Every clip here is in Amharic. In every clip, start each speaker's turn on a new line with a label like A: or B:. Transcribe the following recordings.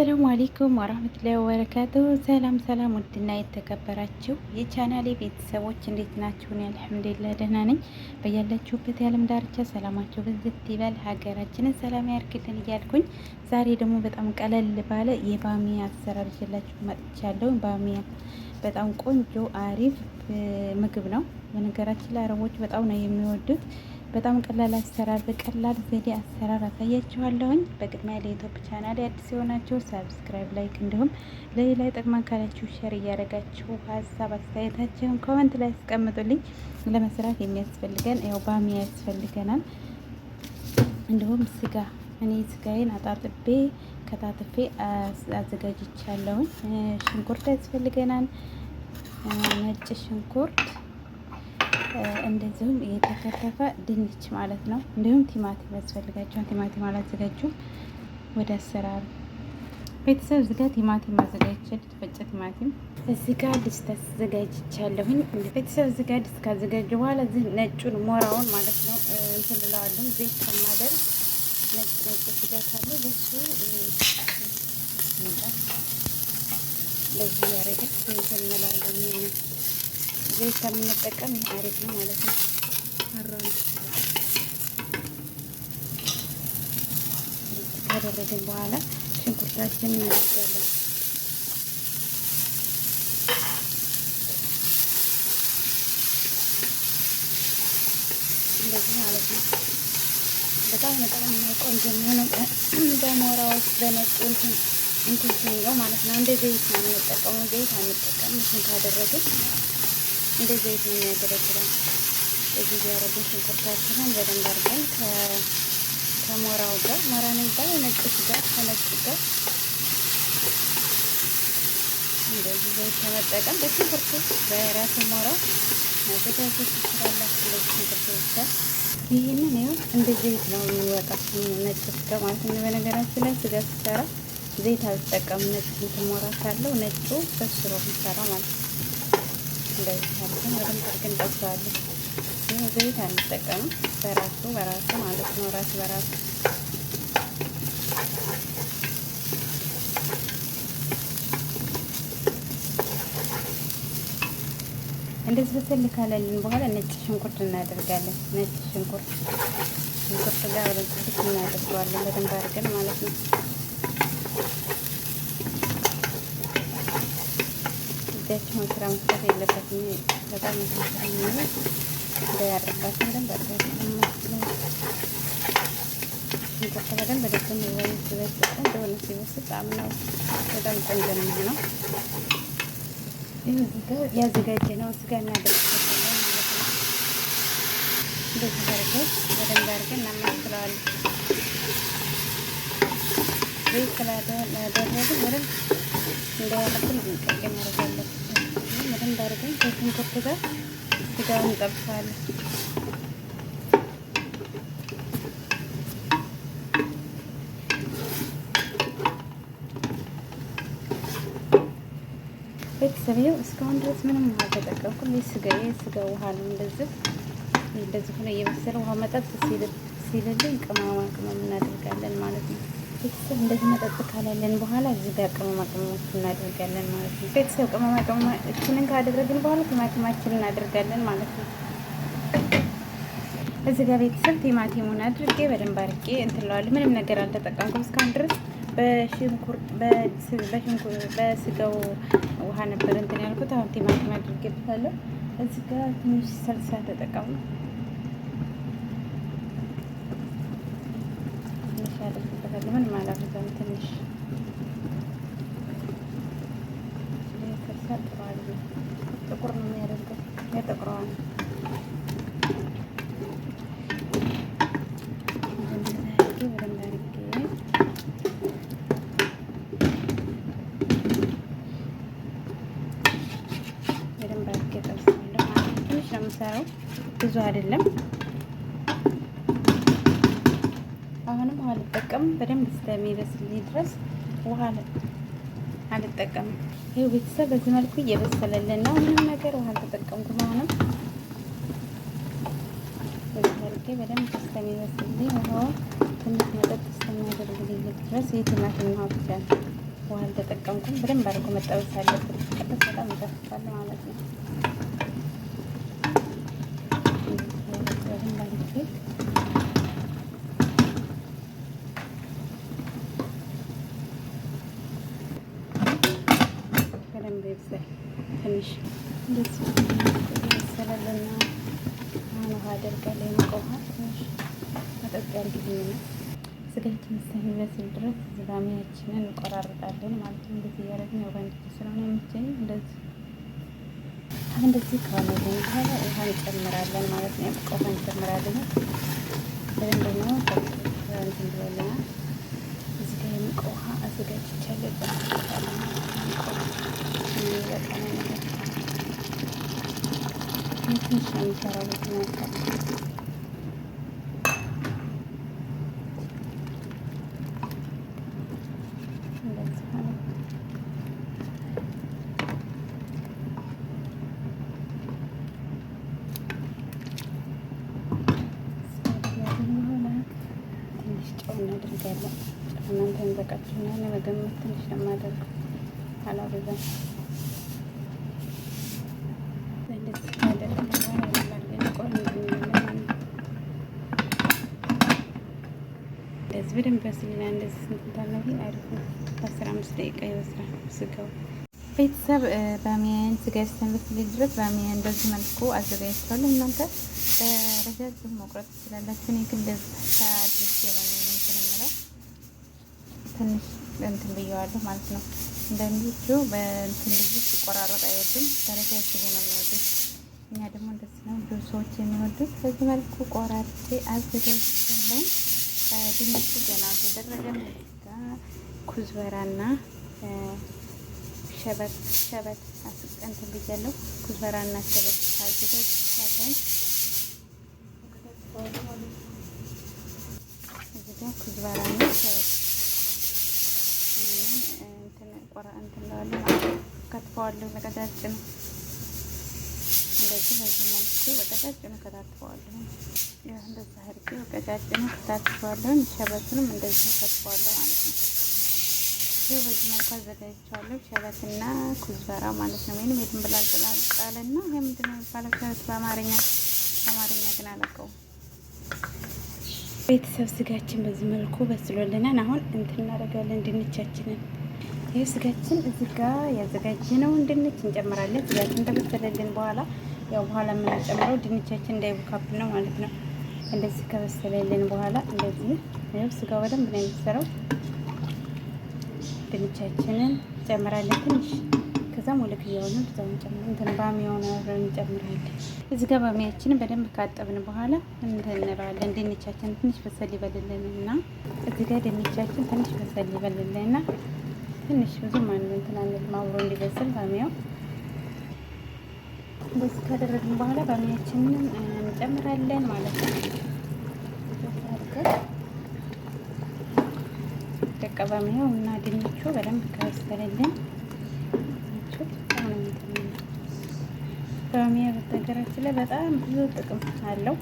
A: አሰላሙ አሌይኩም ወራህመቱላሂ ወበረካቱሁ። ሰላም ሰላም፣ ውድና የተከበራችሁ የቻናሌ ቤተሰቦች እንዴት ናችሁ? እኔ አልሐምዱሊላህ ደህና ነኝ። በያላችሁበት የዓለም ዳርቻ ሰላማችሁ ብዝት ይበል፣ ሀገራችንን ሰላም ያርግልን እያልኩኝ ዛሬ ደግሞ በጣም ቀለል ባለ የባሚያ አሰራር ይዤላችሁ መጥቻለሁ። ባሚያ በጣም ቆንጆ አሪፍ ምግብ ነው። በነገራችን ላይ አረቦች በጣም ነው የሚወዱት በጣም ቀላል አሰራር በቀላል ዘዴ አሰራር አሳያችኋለሁኝ። በቅድሚያ ለዩቱብ ቻናል አዲስ የሆናችሁ ሰብስክራይብ፣ ላይክ እንዲሁም ለሌላ ጥቅማ ካላችሁ ሸር እያደረጋችሁ ሀሳብ አስተያየታችሁን ኮመንት ላይ አስቀምጡልኝ። ለመስራት የሚያስፈልገን ያው ባሚያ ያስፈልገናል። እንዲሁም ስጋ እኔ ስጋዬን አጣጥቤ ከታትፌ አዘጋጅቻለሁኝ። ሽንኩርት ያስፈልገናል፣ ነጭ ሽንኩርት እንደዚሁም የተከተፈ ድንች ማለት ነው። እንዲሁም ቲማቲም ያስፈልጋቸዋል። ቲማቲም አላዘጋጁም ወደ አሰራሩ ቤተሰብ እዚጋ ቲማቲም አዘጋጅቻለሁ፣ የተፈጨ ቲማቲም እዚጋ ድስት አዘጋጅቻለሁኝ። ቤተሰብ እዚጋ ድስት ካዘጋጀ በኋላ እዚህ ነጩን ሞራውን ማለት ነው እንትን እለዋለሁ። ዘይት ከማደር ነጭ ነጭ ስጋ ካለ በሱ በዚህ ያረገች እንትን እንለዋለን ዘይት ከምንጠቀም አሪፍ ነው ማለት ነው። ካደረግን በኋላ ሽንኩርታችን እናደርጋለን። እንደዚህ ማለት ነው። በጣም በጣም ቆንጆ የሚሆነው በሞራዎች በነጭ እንትን እንትን ስንለው ማለት ነው። እንደ ዘይት ነው የምንጠቀመው። ዘይት አንጠቀም። እሱን ካደረግን እንደ ዘይት ነው የሚያገለግለን። እዚህ ያደረግን ሽንኩርታችንን በደንብ አድርገን ከሞራው ጋር ሞራ ነው የሚባለው ነጭ ጋር ከነጭ ጋር እንደዚህ ዘይት ከመጠቀም በሽንኩርቱ በራሱ ሞራው ትችላላችሁ። ሽንኩርቱ ብቻ ይህንን እንደ ዘይት ነው ነጭ ስጋ ማለት ነው። በነገራችን ላይ ስጋ ሲሰራ ዘይት አልጠቀም ነጭ ሞራ ካለው ነጩ ማለት ነው። እንደዚህ አድርገን በደንብ አድርገን ጠብሰዋለን። ይህ ዘይት አንጠቀምም፣ በራሱ በራሱ ማለት ነው። ራሱ በራሱ እንደዚህ በስል ካለልን በኋላ ነጭ ሽንኩርት እናደርጋለን። ነጭ ሽንኩርት ሽንኩርት ጋር በደንብ እናደርገዋለን፣ በደንብ አድርገን ማለት ነው። እጃቸውን ስራ መስራት የለበትም። በጣም ያርባቸው በደንብ ሽንኩርት በደንብ በደንብ ወይ ሲበስል ቆንጆ ሆነ ሲበስል ጣም ነው በጣም ቆንጆ ነው የሚሆነው። እዚህ እናደርግበታለን ማለት ነው። እንደዚህ በደንብ እናማስለዋለን። ዘይት ስላደረግን በደንብ ቤተሰብዬው እስካሁን ድረስ ምንም ውሃ አልተጠቀምኩም። ስጋዬ ስጋ ውሃ ነው። እንደዚህ እንደዚህ ሆነ ውሃ መጠጥ ሲልልኝ ቅመማ ቅመም እናደርጋለን ማለት ነው። ቤተሰብ እንደዚህ መጠጥ ካላለን በኋላ እዚህ ጋር ቅመማ ቅመሞችን እናደርጋለን ማለት ነው። ቤተሰብ ቅመማ ቅመሞችንን ካደረግን በኋላ ቲማቲማችን እናደርጋለን ማለት ነው። እዚህ ጋር ቤተሰብ ቲማቲሙን አድርጌ በደንብ አድርጌ እንትለዋለሁ። ምንም ነገር አልተጠቀምኩም እስካሁን ድረስ በስጋው ውሃ ነበር እንትን ያልኩት። አሁን ቲማቲም አድርጌበታለሁ። እዚህ ጋር ትንሽ ሰልሳ ተጠቀሙ ስለሚሆን ማለት ነው። ትንሽ ጥቁር ነው የሚያደርገው ነው። በደንብ እስከሚበስልኝ ድረስ ውሃ አልጠቀምም። ይኸው ቤተሰብ በዚህ መልኩ እየበሰለልን ነው። ምንም ነገር ውሃ አልተጠቀምኩም። አሁንም በዚህ መልኩ በደንብ እስከሚበስልኝ ውሃውን ትንሽ መጠጥ እስከሚያደርግልኝ ድረስ የቲማቲም ውሃ ብቻ ውሃ አልተጠቀምኩም። በደንብ አድርጎ መጠበስ አለበት። በጣም ይጠፍታል ማለት ነው። ስጋችን እስከሚበስል ድረስ ዝባሚያችንን እንቆራርጣለን ማለት ነው። እንደዚህ እያደረግን ያው በአንድ ስለሆነ የምትኝ እንደዚህ እንደዚህ ከሆነ በኋላ ውሃ እንጨምራለን ማለት ነው። ቆፋ እንጨምራለን ወይም ደግሞ እንትን ብሎልና እዚህ ጋ የሚቆ ውሃ አዘጋጅቻለሁ። በጣም ትንሽ የሚሰራው ነው አድርጋለሁ። እናንተን በቃችሁ እና ለመገመት ትንሽ ነው አላበዛም። እንደዚህ በደንብ በስልና እንደዚህ ስንትንታል አሪፍ በአስራ አምስት ደቂቃ ይበስራል ስጋው። ቤተሰብ ባሚያን ስጋ ስተንበስል ድረስ ባሚያን በዚህ መልኩ አዘጋጅቻለሁ። እናንተ ረጃጅም መቁረጥ ትችላላችሁ። እኔ ግን እንደዚህ አድርጌ ነው ትንሽ እንትን ብየዋለሁ ማለት ነው። አንዳንዶቹ በእንትን ልዩ ሲቆራረጥ አይወዱም፣ ተረጃጅሙ ነው የሚወዱት። እኛ ደግሞ እንደዚህ ነው ብዙ ሰዎች የሚወዱት። በዚህ መልኩ ቆራርጬ አዘጋጅቻለሁ። ድንቹ ገና አልተደረገም። ኩዝበራና ሸበት ሸበት ብያለሁ። ኩዝበራና ሸበት አዘጋጅቻለሁ። እዚህ ኩዝበራና ቆረቆረ እንትን እንለዋለን። ከትፈዋለሁ በቀጫጭኑ እንደዚህ በዚህ መልኩ በቀጫጭኑ ከታትፈዋለሁ። ይህ እንደዚህ አድርጌ በቀጫጭኑ ከታትፈዋለሁ። ሸበትንም እንደዚህ ከትፈዋለሁ ማለት ነው። ይህ በዚህ መልኩ አዘጋጅቼዋለሁ። ሸበትና ኩዝበራ ማለት ነው። ወይም የድንብላል ጥላልጣልና ይህ ምንድን ነው የሚባለው? ሸበት በአማርኛ በአማርኛ ግን ቤተሰብ ስጋችን በዚህ መልኩ በስሎልናል። አሁን እንትን እናደርጋለን ድንቻችንን ይህ ስጋችን እዚህ ጋር ያዘጋጀነውን ድንች እንጨምራለን። ስጋችን ከበሰለልን በኋላ ያው በኋላ የምንጨምረው ድንቻችን እንዳይቡካብን ነው ማለት ነው። እንደዚህ ከበሰለልን በኋላ እንደዚህ ይኸው ስጋው በደንብ ነው የሚሰራው። ድንቻችንን እንጨምራለን ትንሽ ከዛም ወልክ እየሆነ ብዛውን ጨምር እንትን ባሚያውን አብረን እንጨምራለን። እዚህ ጋር ባሚያችንን በደንብ ካጠብን በኋላ እንትንባለን ድንቻችን ትንሽ በሰል ይበልልን ይበልልንና እዚህ ጋር ድንቻችን ትንሽ በሰል ይበልልን ይበልልንና ትንሽ ብዙ ማንም እንትን አንልም፣ አብሮ እንዲበስል ባሚያው እንደዚህ ካደረግን በኋላ ባሚያችንን እንጨምራለን ማለት ነው። በቃ ባሚያው እና ድንቹ በደንብ ከበሰለልን ባሚያ በነገራችን ላይ በጣም ብዙ ጥቅም አለው።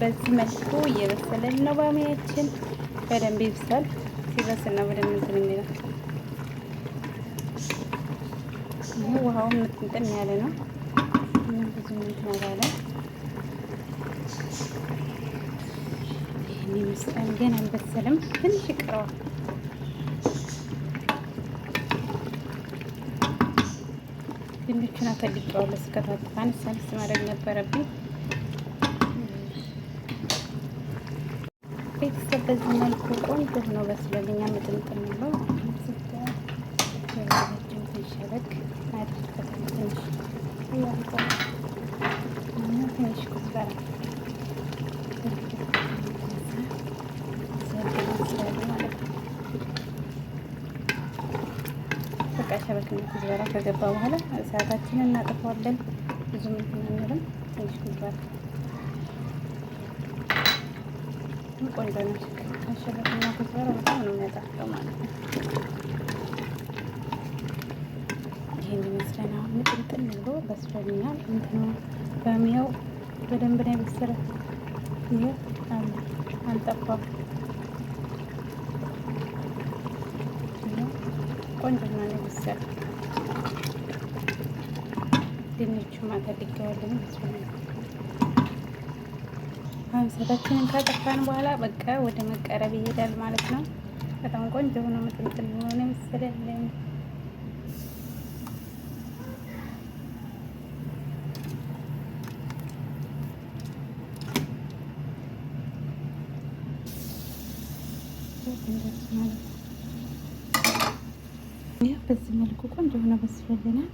A: በዚህ መልኩ እየበሰለን ነው። ባሙያችን በደንብ ይብሳል። ሲበስል ነው በደንብ እንትን የሚለው ይህ ውሃው ምትንጥን ያለ ነው። ብዙ እንትን አላለም። ይህን ይመስላል። ገና አልበሰልም፣ ትንሽ ይቀረዋል። ድንቹን አፈልጨዋለሁ። እስከታጠፋን ሳልስ ማድረግ ነበረብኝ። ቤተሰብ በዚህ መልኩ ቆንጆ ሆኖ በስለልኛ ምጥምጥም ብሎ ትንሽ እያልቆ ትንሽ ኩበራ በቃ ኩዝበራ ከገባ በኋላ እሳታችንን እናጥፈዋለን ። ብዙም ትንሽ ኩዝበራ ቆንጆ ነች። በጣም ነው የሚያጣፍጠው ማለት ነው። ይህን ብሎ በስሎልኛል። እንትኑ በሚያው በደንብ ይህ አልጠፋም። ቆንጆ ነው ድንቹ ይመስለኛል አንሰታችንን ካጠፋን በኋላ በቃ ወደ መቀረብ ይሄዳል ማለት ነው። በጣም ቆንጆ ሆኖ ምጥምጥም የሆነ መሰለኝ። በዚህ መልኩ ቆንጆ ሆነ በስሎልናል።